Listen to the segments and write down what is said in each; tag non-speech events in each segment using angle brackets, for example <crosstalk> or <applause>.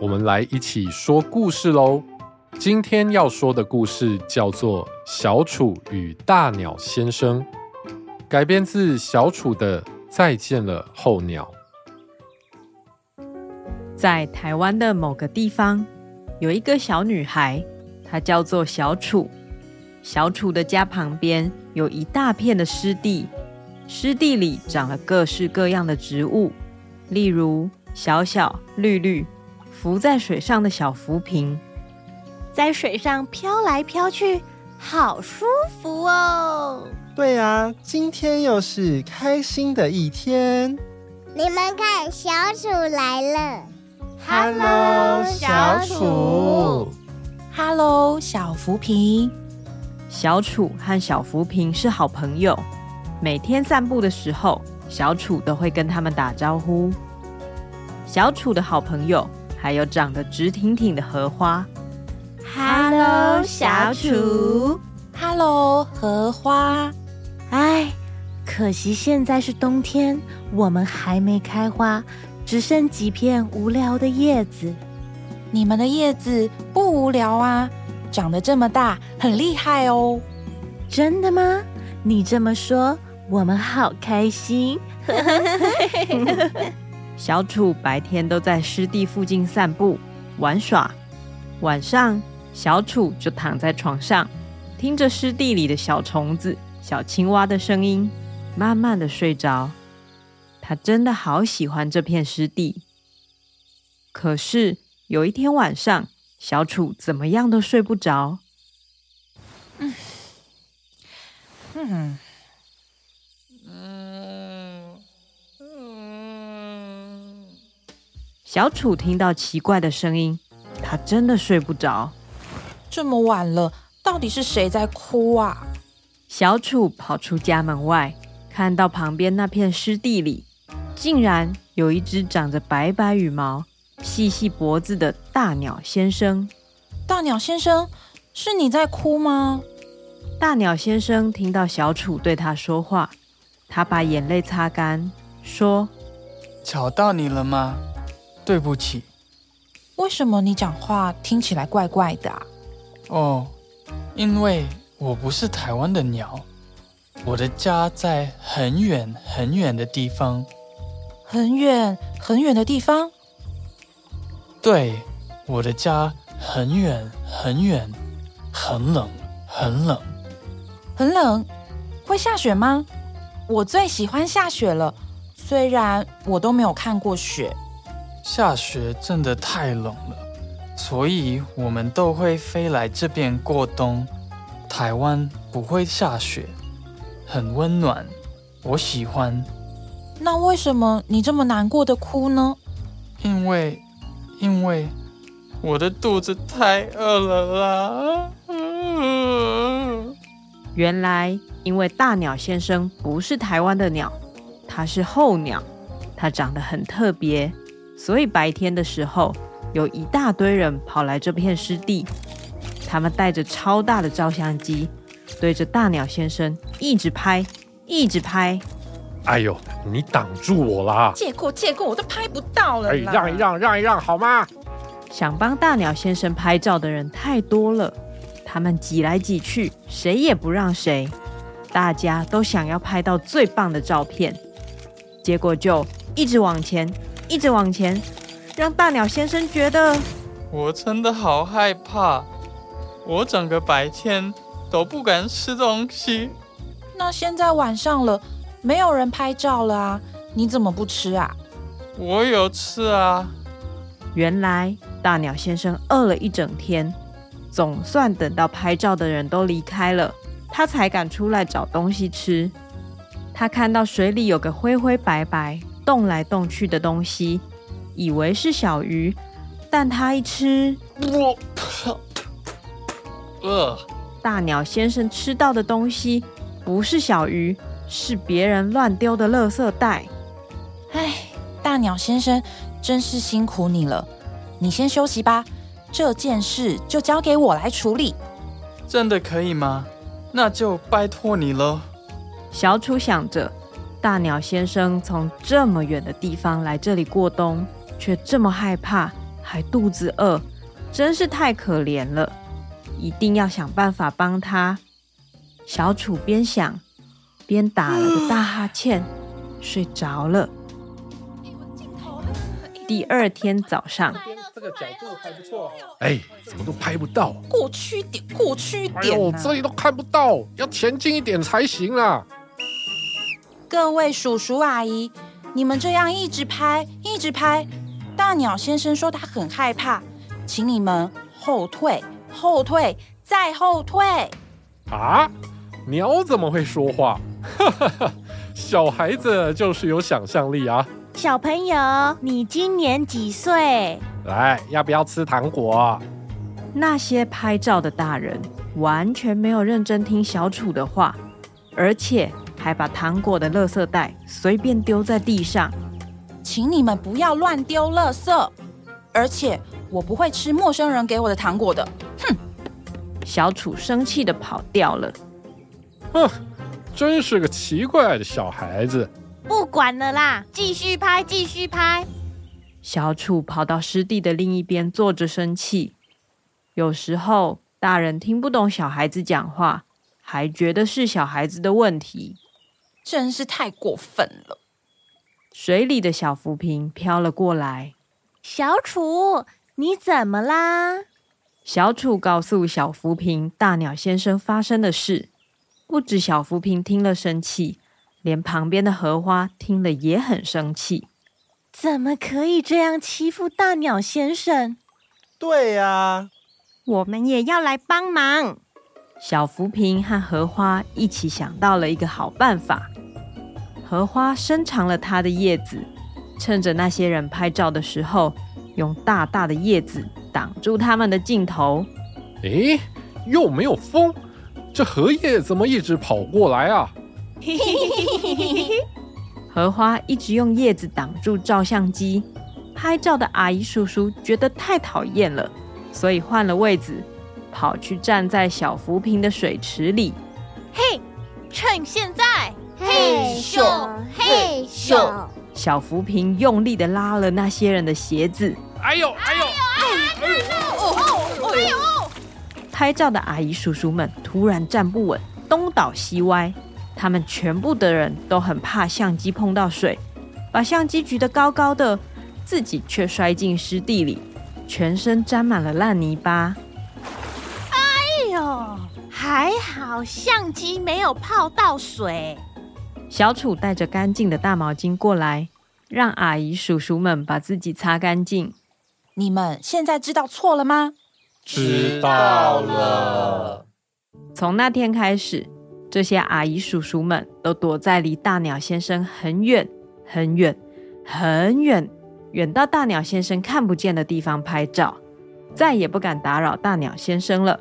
我們來一起說故事嘍！今天要說的故事叫做《小楚與大鳥先生》，改編自小楚的《再見了候鳥》。在台灣的某個地方，有一個小女孩，她叫做小楚。小楚的家旁邊有一大片的濕地，濕地裡長了各式各樣的植物，例如小小綠綠。浮在水上的小浮萍，在水上飄來飄去，好舒服哦！對呀，今天又是開心的一天。你們看，小楚來了！Hello，小楚！Hello，小浮萍！小楚和小浮萍是好朋友，每天散步的時候，小楚都會跟他們打招呼。小楚的好朋友。還有長得直挺挺的荷花。Hello，小楚。Hello，荷花。哎，可惜現在是冬天，我們還沒開花，只剩幾片無聊的葉子。你們的葉子不無聊啊，長得這麼大，很厲害哦。真的嗎？你這麼說，我們好開心。 <laughs> <laughs> 小楚白天都在濕地附近散步、玩耍，晚上小楚就躺在床上，聽着濕地裡的小蟲子、小青蛙的聲音，慢慢的睡着。他真的好喜歡這片濕地。可是有一天晚上，小楚怎麼樣都睡不着。嗯，哼、嗯。小楚聽到奇怪的聲音，他真的睡不着。這麼晚了，到底是誰在哭啊？小楚跑出家門外，看到旁邊那片濕地裡，竟然有一隻長着白白羽毛、細細脖子的大鳥先生。大鳥先生，是你在哭嗎？大鳥先生聽到小楚對他說話，他把眼淚擦乾，說：“吵到你了嗎？”對不起，為什麼你講話聽起來怪怪的啊？哦，因為我不是台灣的鳥，我的家在很遠很遠的地方，很遠很遠的地方。對，我的家很遠很遠，很冷很冷，很冷，會下雪嗎？我最喜歡下雪了，雖然我都沒有看過雪。下雪真的太冷了，所以我們都會飛來這邊過冬。台灣不會下雪，很溫暖，我喜歡。那為什麼你這麼難過的哭呢？因為，因為我的肚子太餓了啦。 <laughs> 原來，因為大鳥先生不是台灣的鳥，它是候鳥，它長得很特別。所以白天的時候，有一大堆人跑來這片濕地，他們帶着超大的照相機，對着大鳥先生一直拍，一直拍。哎呦，你擋住我啦！借過借過，我都拍不到了。哎，讓一讓，讓一讓，好嗎？想幫大鳥先生拍照的人太多了，他們擠來擠去，誰也不讓誰，大家都想要拍到最棒的照片，結果就一直往前。一直往前，讓大鳥先生覺得，我真的好害怕，我整個白天都不敢吃東西。那現在晚上了，沒有人拍照了啊，你怎麼不吃啊？我有吃啊。原來大鳥先生餓了一整天，總算等到拍照的人都離開了，他才敢出來找東西吃。他看到水裡有個灰灰白白，動來動去的東西，以為是小魚，但它一吃，我餓。大鳥先生吃到的東西不是小魚，是別人亂丟的垃圾袋。哎，大鳥先生真是辛苦你了，你先休息吧，這件事就交給我來處理。真的可以嗎？那就拜託你囉。小楚想着。大鳥先生從這麼遠的地方來這裡過冬，卻這麼害怕，還肚子餓，真是太可憐了！一定要想辦法幫他。小楚邊想邊打了個大哈欠，呃，睡着了。第二天早上，這個角度還不錯，哎，怎麼都拍不到？過去點，過去點啊。哎呦這裡都看不到，要前進一點才行啊。各位叔叔阿姨，你們這樣一直拍，一直拍，大鳥先生說他很害怕，請你們後退，後退，再後退。啊，鳥怎麼會說話？哈哈哈，小孩子就是有想象力啊。小朋友，你今年幾歲？來，要不要吃糖果？那些拍照的大人完全沒有認真聽小楚的話，而且。還把糖果的垃圾袋隨便丟在地上。請你們不要亂丟垃圾。而且我不會吃陌生人給我的糖果的。哼！小楚生氣地跑掉了。哼、啊，真是個奇怪的小孩子。不管了啦，繼續拍，繼續拍。小楚跑到濕地的另一邊坐着生氣。有時候大人聽不懂小孩子講話，還覺得是小孩子的問題。真是太過分了！水裡的小浮萍飄，飄了過來。小楚，你怎麼啦？小楚告訴小浮萍大鳥先生發生的事。不止小浮萍聽了生氣，連旁邊的荷花聽了也很生氣。怎麼可以這樣欺負大鳥先生？對呀、啊，我們也要來幫忙。小浮萍和荷花一起想到了一個好辦法。荷花伸長了它的葉子，趁着那些人拍照的時候，用大大的葉子擋住他們的鏡頭。誒，又沒有風，這荷葉怎麼一直跑過來啊？嘿嘿嘿嘿嘿嘿嘿！荷花一直用葉子擋住照相機，拍照的阿姨叔叔覺得太討厭了，所以換了位子。跑去站在小浮萍的水池裡，嘿，趁現在，嘿咻，嘿咻！小浮萍用力的拉了那些人的鞋子，哎呦，哎呦，哎呦，哎呦！拍照的阿姨叔叔們突然站不穩，東倒西歪。他們全部的人都很怕相機碰到水，把相機舉得高高的，自己卻摔進濕地裡，全身沾滿了爛泥巴。還好相機沒有泡到水。小楚帶着乾淨的大毛巾過來，讓阿姨叔叔們把自己擦乾淨。你們現在知道錯了嗎？知道了。從那天開始，這些阿姨叔叔們都躲在離大鳥先生很遠、很遠、很遠，遠到大鳥先生看不見的地方拍照，再也不敢打擾大鳥先生了。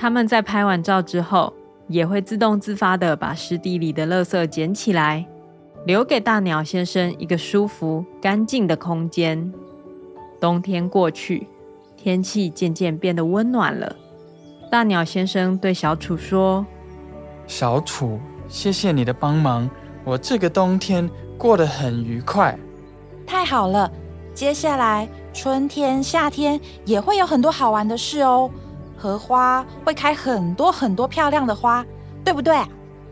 他們在拍完照之後，也會自動自發地把濕地裡的垃圾撿起來，留給大鳥先生一個舒服、乾淨的空間。冬天過去，天氣漸漸變得溫暖了。大鳥先生對小楚說：“小楚，謝謝你的幫忙，我這個冬天過得很愉快。”太好了，接下來春天、夏天也會有很多好玩的事哦。荷花會開很多很多漂亮的花，對不對？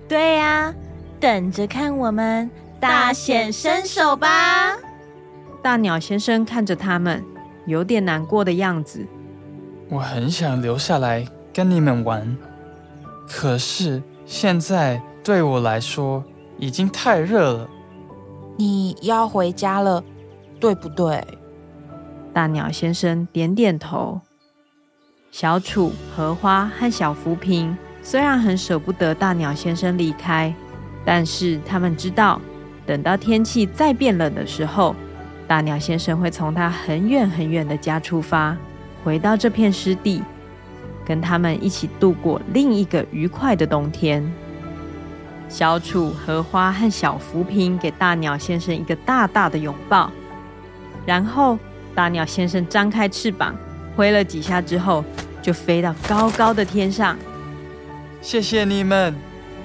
對呀，等着看我們大顯身手吧！大鳥先生看着他們，有點難過的樣子。我很想留下來跟你們玩，可是現在對我來說已經太熱了。你要回家了，對不對？大鳥先生點點頭。小楚、荷花和小浮萍雖然很捨不得大鳥先生離開，但是他們知道，等到天氣再變冷的時候，大鳥先生會從他很遠很遠的家出發，回到這片濕地，跟他們一起度過另一個愉快的冬天。小楚、荷花和小浮萍給大鳥先生一個大大的擁抱，然後大鳥先生張開翅膀，揮了幾下之後，就飛到高高的天上。謝謝你們，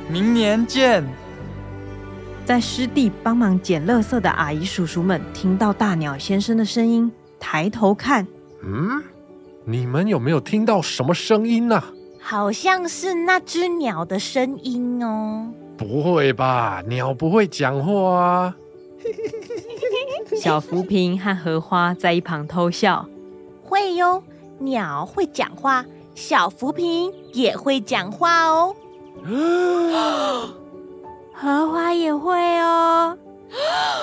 明年見。在濕地幫忙撿垃圾的阿姨叔叔們聽到大鳥先生的聲音，抬頭看。嗯，你們有沒有聽到什麼聲音呢、啊？好像是那隻鳥的聲音哦。不會吧，鳥不會講話啊。 <laughs> 小浮萍和荷花在一旁偷笑。會喲。鳥會講話，小浮萍也會講話哦，荷花也會哦，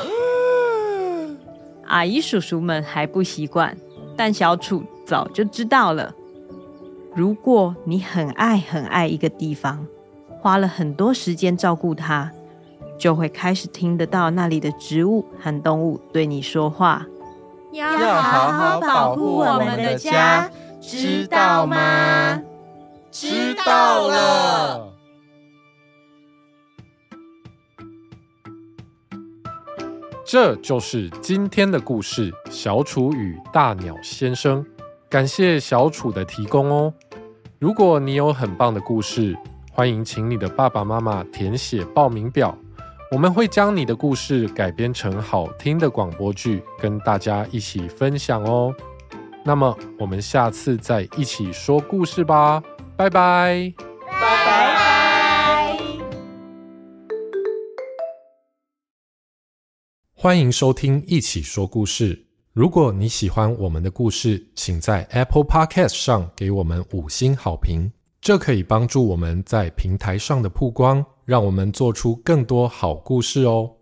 嗯。阿姨叔叔們還不習慣，但小楚早就知道了。如果你很愛很愛一個地方，花了很多時間照顧它，就會開始聽得到那裡的植物和動物對你說話。要要好好保護我們的家，知道嗎？知道了。這就是今天的故事《小楚與大鳥先生》，感謝小楚的提供哦。如果你有很棒的故事，歡迎請你的爸爸媽媽填寫報名表。我們會將你的故事改編成好聽的廣播劇，跟大家一起分享哦。那麼，我們下次再一起說故事吧，拜拜！拜拜！歡迎收聽《一起說故事》。如果你喜歡我們的故事，請在 Apple Podcast 上給我們五星好評。這可以幫助我們在平台上的曝光，讓我們做出更多好故事哦。